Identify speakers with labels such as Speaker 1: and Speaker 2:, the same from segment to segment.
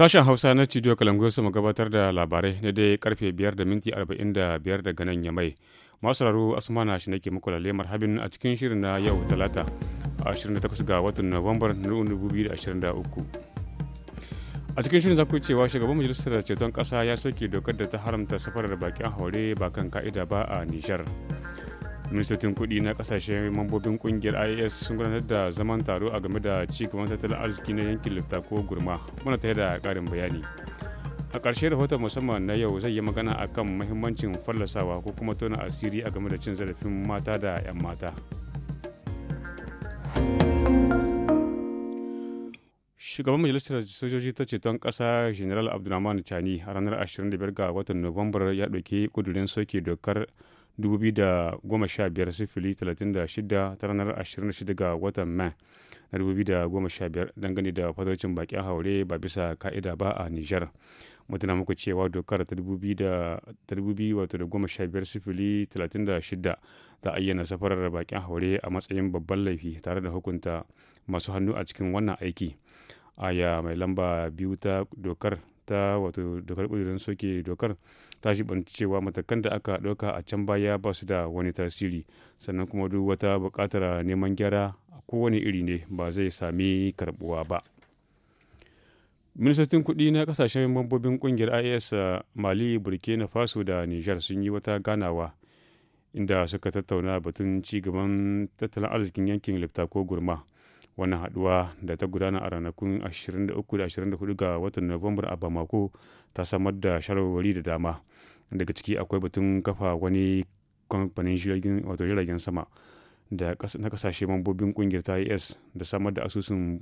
Speaker 1: Sashen Hausa na studio Kalangoyo su gabatar da labarai na dai karfe 5 da minti 45 daga nan ya mai. Masu raro Asmana shi nake muku lalle habin a cikin shirin na yau Talata 28 ga watan Nuwambar 2023. A cikin shirin za ku cewa shugaban majalisar ceton ƙasa ya soke dokar da ta haramta safarar bakin haure ba kan ka'ida ba a Nijar. ministocin kuɗi na kasashe mambobin kungiyar ias sun gudanar da zaman taro a game da cigaban tattalin arziki na yankin littako gurma muna tare da karin bayani a ƙarshe rahoton musamman na yau zai yi magana akan mahimmancin fallasawa ko kuma tona asiri a game da cin zarafin mata da 'yan mata shugaban majalisar sojoji ta ceton ƙasa general abdulrahman chani a ranar 25 ga watan nuwambar ya ɗauki ƙudurin soke dokar 2015 sifili 36 ta ranar 26 ga watan mai na 2015 dangane da fatocin bakin haure ba bisa ka'ida ba a Nijar. Mutuna muku cewa dokar ta 2015 sifili 36 ta ayyana safarar bakin haure a matsayin babban laifi tare da hukunta masu hannu a cikin wannan aiki. Aya mai lamba biyu ta dokar ta wato dokar ƙudurin soke dokar ta shibanci cewa matakan da aka ɗauka a can baya ba su da wani tasiri sannan kuma duk wata buƙatar neman gyara a kowane iri ne ba zai sami karɓuwa ba ministocin kudi na kasashen mambobin kungiyar is eh, mali burkina faso da niger sun yi wata ganawa inda suka tattauna batun ci gaban tattalin arzikin yankin ko gurma wannan haduwa da ta gudana a ranakun 23 da 24 ga watan Nuwambar a Bamako ta samar da shawarwari da dama. Daga ciki akwai batun kafa wani kamfanin jiragen sama da na kasashe mambobin kungiyar ta IS da samar da asusun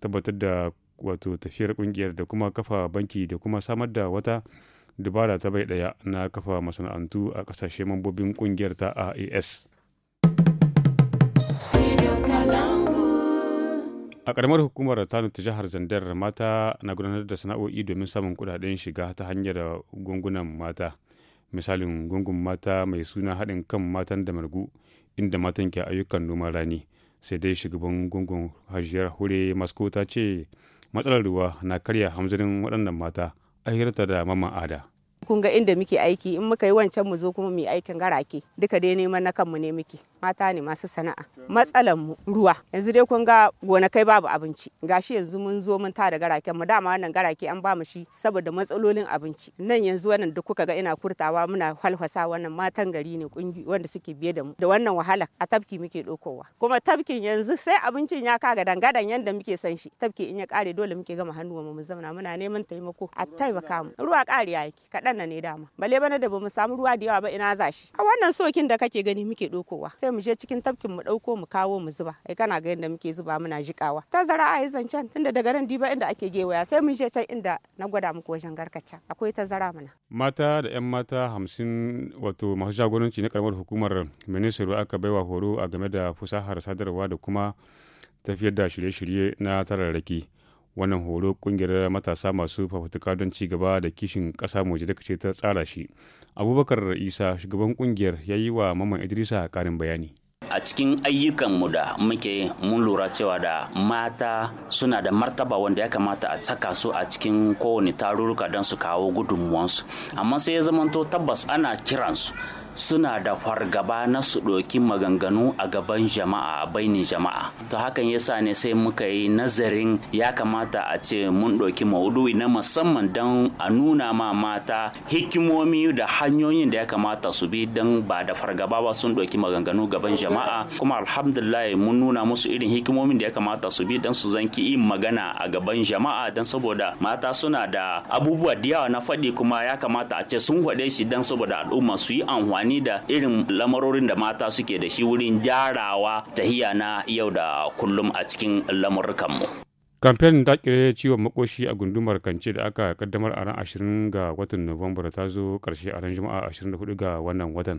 Speaker 1: tabbatar da wato tafiyar kungiyar da kuma kafa banki da kuma samar da wata dubara ta bai daya na kafa masana'antu a kasashe mambobin kungiyar ta AES. a ƙaramar hukumar tanu ta jihar zandar mata na gudanar da sana'o'i domin samun kudaden shiga ta hanyar gungunan mata misalin gungun mata mai suna haɗin kan matan da margu inda matan ke ayyukan noman rani sai dai shugaban gungun hajiyar hure masko ta ce matsalar ruwa na karya hamzarin waɗannan mata a da mama ada
Speaker 2: kun ga inda muke aiki in muka yi wancan mu zo kuma mu aikin garake duka dai neman na kanmu ne muke mata ne masu sana'a matsalan mu ruwa yanzu dai kun ga kai babu abinci gashi yanzu mun zo mun tada garaken mu dama wannan garake an ba mu shi saboda matsalolin abinci nan yanzu wannan duk kuka ga ina kurtawa muna halhasa wannan matan gari ne kungi wanda suke biye da mu da wannan wahala a tabki muke dokowa kuma tabkin yanzu sai abincin ya kaga dangadan yanda muke son shi tabki in ya kare dole muke gama hannuwa mu zauna muna neman taimako a taimaka mu ruwa kariya yake kaɗan wannan ne dama bale bana da bamu samu ruwa da yawa ba ina za shi a wannan sokin da kake gani muke dokowa sai mu je cikin tafkin mu dauko mu kawo mu zuba ai kana ga yadda muke zuba muna jikawa tazara a yi zancen tunda daga ran diba inda ake gewaya sai mun je can inda na gwada muku wajen garkaca akwai tazara mana
Speaker 1: mata da yan mata hamsin wato masu jagoranci na karamar hukumar ministry aka baiwa horo a game da fusahar sadarwa da kuma tafiyar da shirye-shirye na tararraki wannan horo kungiyar matasa masu fafutuka don ci gaba da kishin ƙasa waje daga ce ta tsara shi abubakar isa shugaban kungiyar ya yi wa maman idrisa karin bayani
Speaker 3: a cikin ayyukanmu da muke mun lura cewa da mata suna da martaba wanda ya kamata a saka su a cikin kowane tarurruka don su kawo gudunmuwansu amma sai ya zamanto tabbas ana kiransu suna da fargaba na su ɗoki maganganu a gaban jama'a a bainin jama'a to hakan yasa ne sai muka yi nazarin ya kamata a ce mun ɗoki maudu'i na musamman don a nuna ma mata hikimomi da hanyoyin da ya kamata su bi don ba da fargaba ba sun ɗoki maganganu gaban jama'a kuma alhamdulillah mun nuna musu irin hikimomin da ya kamata su bi don su zanki yin magana a gaban jama'a don saboda mata suna da abubuwa da yawa na faɗi kuma ya kamata a ce sun faɗe shi don saboda al'umma su yi amfani amfani da irin lamarorin da mata suke da shi wurin jarawa tahiya na yau da kullum a cikin lamurkanmu.
Speaker 1: kamfen dakile ciwon makoshi a gundumar kance da aka kaddamar a ran 20 ga watan nuwambar ta zo karshe a ran juma'a 24 ga wannan watan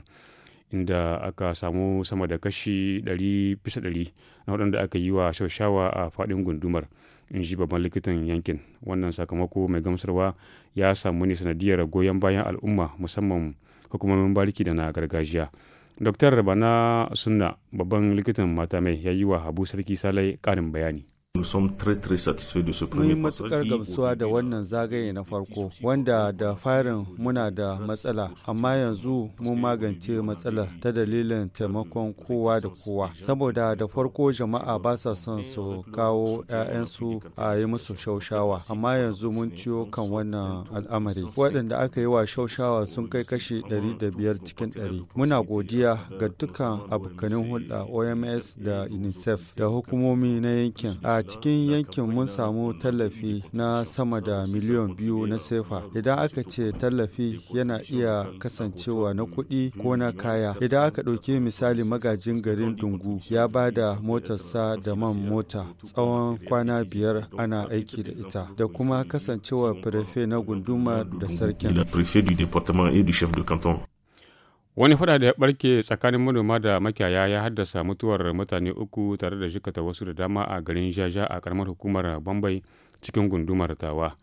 Speaker 1: inda aka samu sama da kashi 100 bisa 100 na waɗanda aka yi wa shaushawa a faɗin gundumar in ji babban likitan yankin wannan sakamako mai gamsarwa ya samu ne sanadiyar goyon bayan al'umma musamman hukumomin bariki da na gargajiya dr bana sunna babban likitan mata mai ya yi wa habu sarki salai karin
Speaker 3: bayani Nous sommes très très satisfaits de ce premier Mun matukar gamsuwa
Speaker 4: da wannan zagaye na farko wanda da farin muna da matsala amma yanzu mun magance matsalar ta dalilin taimakon kowa da kowa saboda da farko jama'a ba sa son su kawo 'ya'yansu a yi musu shaushawa amma yanzu mun ciyo kan wannan al'amari waɗanda aka yi wa shaushawa sun kai kashi biyar cikin 100 muna godiya ga dukkan abokanin hulɗa oms da unicef da hukumomi na yankin a cikin yankin mun samu tallafi na sama da miliyan biyu na sefa. Idan aka ce tallafi yana iya kasancewa na kuɗi ko na kaya. Idan aka ɗauki misali magajin garin Dungu ya ba da motarsa da man mota tsawon kwana biyar ana aiki da ita da kuma kasancewa prefe na gunduma
Speaker 1: da sarkin. Wani fada da ya barke tsakanin manoma da makiyaya ya haddasa mutuwar mutane uku tare da ta wasu da dama a garin Jaja a karamar hukumar Bambai cikin gundumar Tawa.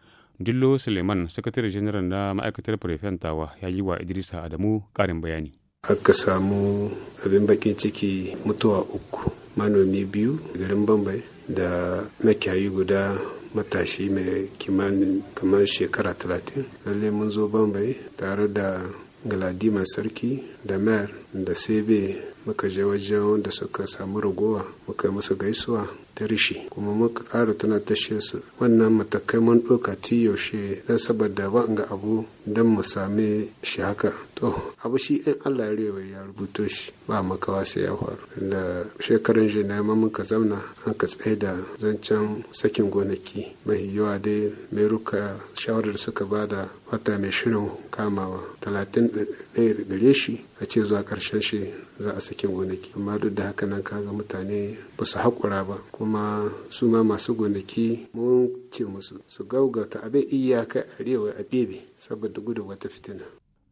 Speaker 1: Dillo Suleiman, sakatare janar na ma'aikatar Prefen Tawa, ya yi wa Idrisa Adamu karin bayani.
Speaker 5: Aka samu abin bakin ciki mutuwa uku, manomi biyu garin Bambai da makiyayi guda matashi mai kimanin kamar shekara talatin. Lalle mun zo Bambai tare da galadima sarki da mer da sebe muka je wajen wanda suka samu ragowa muka musu gaisuwa ta rishi kuma muka ƙara tana ta su wannan matakai mun ɗauka ti yaushe don saboda ba ga abu don mu same shi haka to abu shi in allah rewa ya rubuto shi ba makawa sai ya faru da shekaran je na yamma muka zauna an ka tsaye da zancen sakin gonaki mai yawa dai mai ruka shawarar suka bada wata mai shirin kamawa talatin ɗaya gare shi a ce zuwa ƙarshen shi za a sake gonaki amma duk da haka nan kaga mutane ba su haƙura ba kuma su ma masu gonaki mun ce musu su gaugata abin iyaka arewa a bebe saboda gudu wata fitina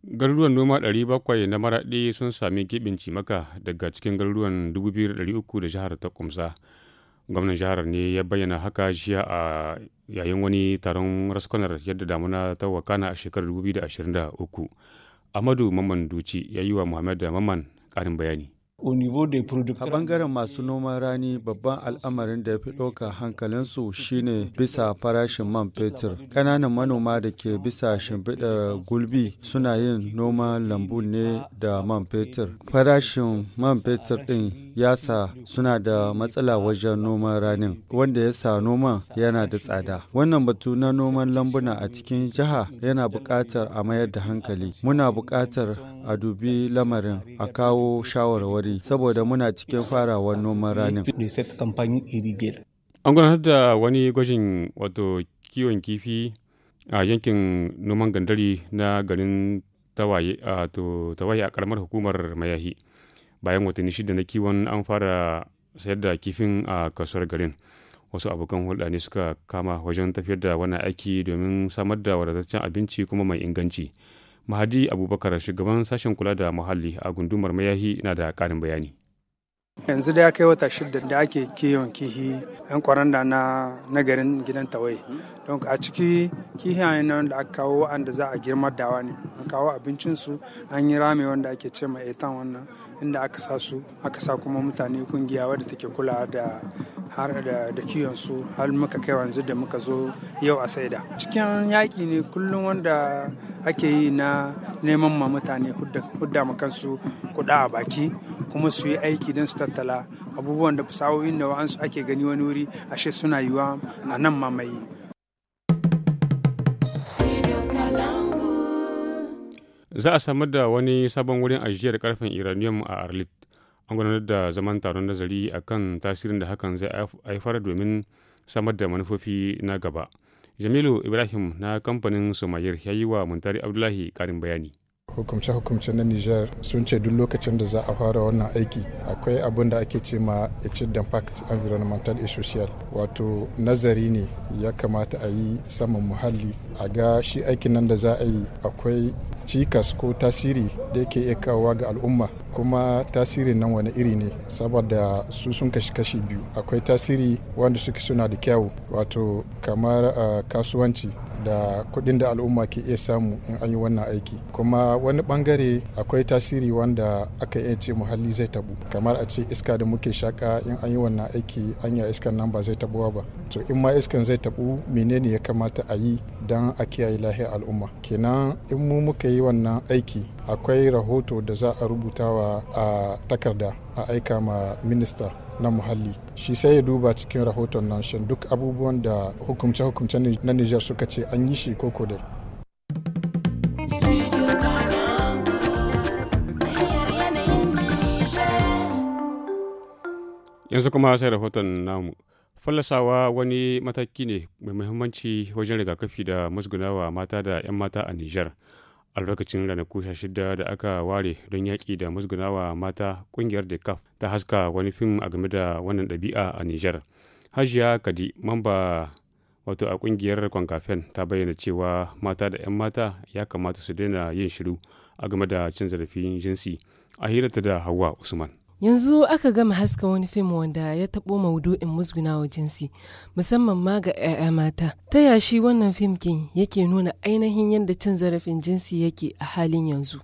Speaker 1: garuruwan noma 700 na maraɗi sun sami gibin cimaka daga cikin garuruwan 2,300 da jihar ta kumsa gwamnan jihar ne ya bayyana haka jiya a yayin wani taron raskonar yadda damuna ta wakana a shekarar 2023 Amadu Mamman Duci ya yi wa Muhammad Mamman ƙarin bayani.
Speaker 4: A ɓangaren masu noman rani babban al'amarin da ya fi ɗauka hankalinsu shine bisa farashin man fetur. Ƙananan manoma da ke bisa shimfiɗar gulbi suna yin noman lambu ne da man fetur. Farashin man fetur ɗin ya sa suna da matsala wajen noman ranin, wanda ya sa noman yana da tsada. Wannan batu na noman lambuna a cikin jiha yana buƙatar a mayar da hankali. Muna buƙatar a dubi lamarin a kawo
Speaker 1: shawarwari saboda muna cikin farawar noman ranin. An gudanar da wani gwajin wato kiwon kifi a yankin noman gandari na garin tawaye a karamar hukumar mayahi bayan watanni shida na kiwon an fara sayar da kifin a kasuwar garin wasu abokan hulɗa ne suka kama wajen tafiyar da wani aiki domin samar da wadataccen abinci kuma mai inganci. Mahadi Abubakar shugaban sashen kula da muhalli a gundumar mayahi na da ƙarin bayani.
Speaker 4: yanzu da ya kai wata shida da ake kiyon kihi yan kwaranda na nagarin gidan tawai don a ciki kihiyayen nan da aka kawo wa'anda za a girmar dawa ne an kawo abincinsu an yi rame wanda ake ce ma etan wannan inda aka sa su aka sa kuma mutane kungiya wadda take kula da har da kiyon su har muka kai yanzu da muka zo yau a saida cikin yaƙi ne kullum wanda ake yi na neman ma mutane hudda ma kansu kuɗa a baki kuma su yi aiki don su tattala abubuwan da fasahohin da wa'ansu ake gani wani wuri ashe suna yiwa a nan mamaye.
Speaker 1: Za a samar da wani sabon wurin ajiyar karfin uranium a Arlit. An gudanar da zaman taron nazari akan tasirin da hakan zai haifar domin samar da manufofi na gaba. Jamilu Ibrahim na kamfanin Somayir ya yi wa Muntari Abdullahi karin bayani.
Speaker 6: hukumce-hukumce na niger sun ce duk lokacin da za a fara wannan aiki akwai abin da ake ce ma etude impact environmental and social wato nazari ne ya kamata a yi saman muhalli a ga shi aikin nan da za a yi akwai cikas ko tasiri da yake iya kawowa ga al'umma kuma tasirin nan wani iri ne saboda su sun kashi kashi biyu akwai tasiri wanda suke suna da kyau wato kamar uh, kasuwanci da kuɗin da al'umma ke iya samu in an yi wannan aiki kuma wani bangare akwai tasiri wanda aka iya ce muhalli zai tabu kamar a ce iska da muke shaka in an yi wannan aiki anya iskan nan ba zai tabuwa ba to in ma iskan zai tabu menene ya kamata a yi don a kiyaye lahiyar al'umma kenan in mu muka yi wannan aiki akwai rahoto da za a rubuta wa a takarda a aika ma minista na muhalli shi sai ya duba cikin rahoton nan shan duk abubuwan da hukumce-hukumce na nijar suka ce an yi shi koko dai
Speaker 1: yanzu kuma sai rahoton namu fallasawa wani mataki ne mai muhimmanci wajen rigakafi da musgunawa mata da 'yan mata a Nijar. a lokacin ranaku 16 da aka ware don yaƙi da musgunawa mata ƙungiyar dekaf ta haska wani fim a game da wannan ɗabi'a a nijar hajiya kadi mamba wato a ƙungiyar kwankafen ta bayyana cewa mata da 'yan mata ya kamata su daina yin shiru a game da cin zarafin jinsi a hirarta da hawa usman
Speaker 2: Yanzu aka gama haska wani fim wanda ya taɓo maudu'in musgunawa jinsi, musamman ma ga 'ya'ya mata. Ta yashi wannan fim kin yake nuna ainihin yadda cin zarafin jinsi yake a halin yanzu.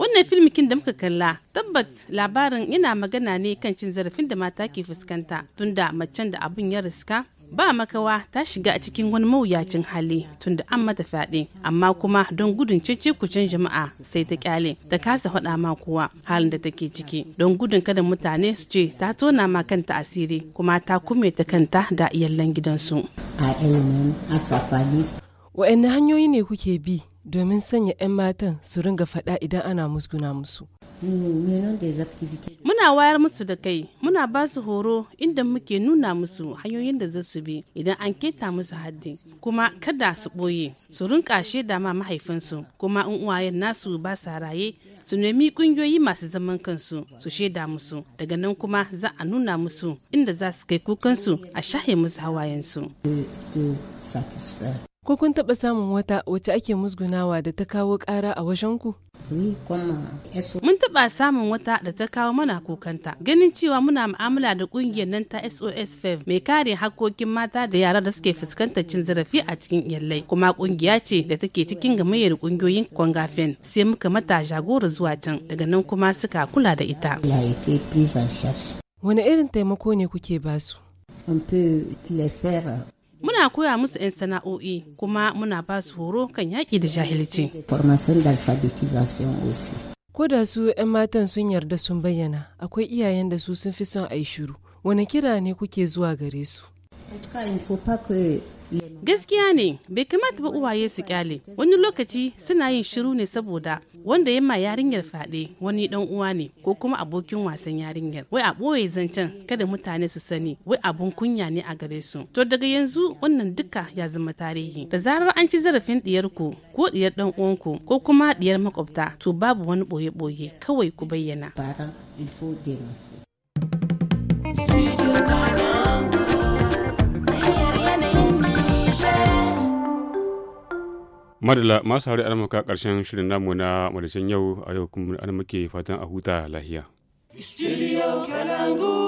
Speaker 2: Wannan fim kin da muka kalla tabbat labarin yana magana ne kan cin zarafin da mata ke fuskanta tunda macen da abun ya riska ba makawa ta shiga a cikin wani mawuyacin hali tunda an mata fyaɗe amma kuma don gudun cece-kucen jama'a sai ta kyale ta kasa faɗa ma kowa halin da take ciki don gudun kada mutane su ce ta tona ma kanta asiri kuma ta kume ta kanta da iyallen gidansu. a hanyoyi ne kuke bi domin sanya 'yan matan su ringa faɗa idan ana musguna musu Muna wayar musu da kai, muna ba su horo inda muke nuna musu hanyoyin da za su bi idan an keta musu haddi, kuma kada su ɓoye, su rinka shaida ma mahaifinsu, kuma in uwayen nasu ba sa raye, su nemi ƙungiyoyi masu zaman kansu su shaida musu, daga nan kuma za a nuna musu inda za su kai kukansu a shahe musu hawayensu. Ko kun taɓa samun wata wacce ake musgunawa da ta kawo ƙara a wajenku? Mun taɓa samun wata da ta kawo mana kokanta ganin cewa muna mu'amala da ƙungiyar nan ta SOS FEV mai kare hakokin mata da yara da suke fuskantar cin zarafi a cikin iyalai kuma ƙungiya ce da take cikin gamayyar ƙungiyoyin Kwangafen sai muka mata jagora zuwa can daga nan kuma suka kula da ita. Wani irin taimako ne kuke basu? Muna koya musu 'yan sana'o'i kuma muna ba su horo kan yaƙi da jahilci. Ko da su 'yan matan sun yarda sun bayyana, akwai iyayen da su sun fi son a yi shiru. Wani kira ne kuke zuwa gare su? Gaskiya ne bai kamata ba uwaye su kyale wani lokaci suna yin shiru ne saboda wanda yamma yarinyar fade wani dan uwa ne ko kuma abokin wasan yarinyar wai a boye zancen kada mutane su sani wai abun kunya ne a gare su to daga yanzu wannan duka ya zama tarihi da zarar an ci zarafin ku ko diyar dan uwanku ko kuma diyar makwabta to babu wani boye boye kawai ku bayyana
Speaker 5: Studio mana.
Speaker 1: madala masu hari armaka karshen shirin namu na madashin yau a yau kuma an muke fatan a huta lahiya.
Speaker 5: Studio
Speaker 2: Kalangu.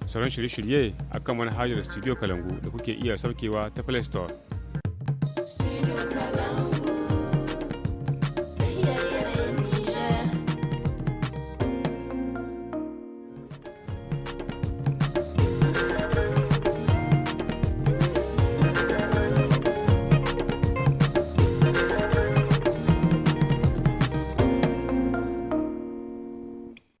Speaker 1: sauran shirye-shirye a kan manhajar Studio Kalangu da kuke iya saukewa ta Play Store.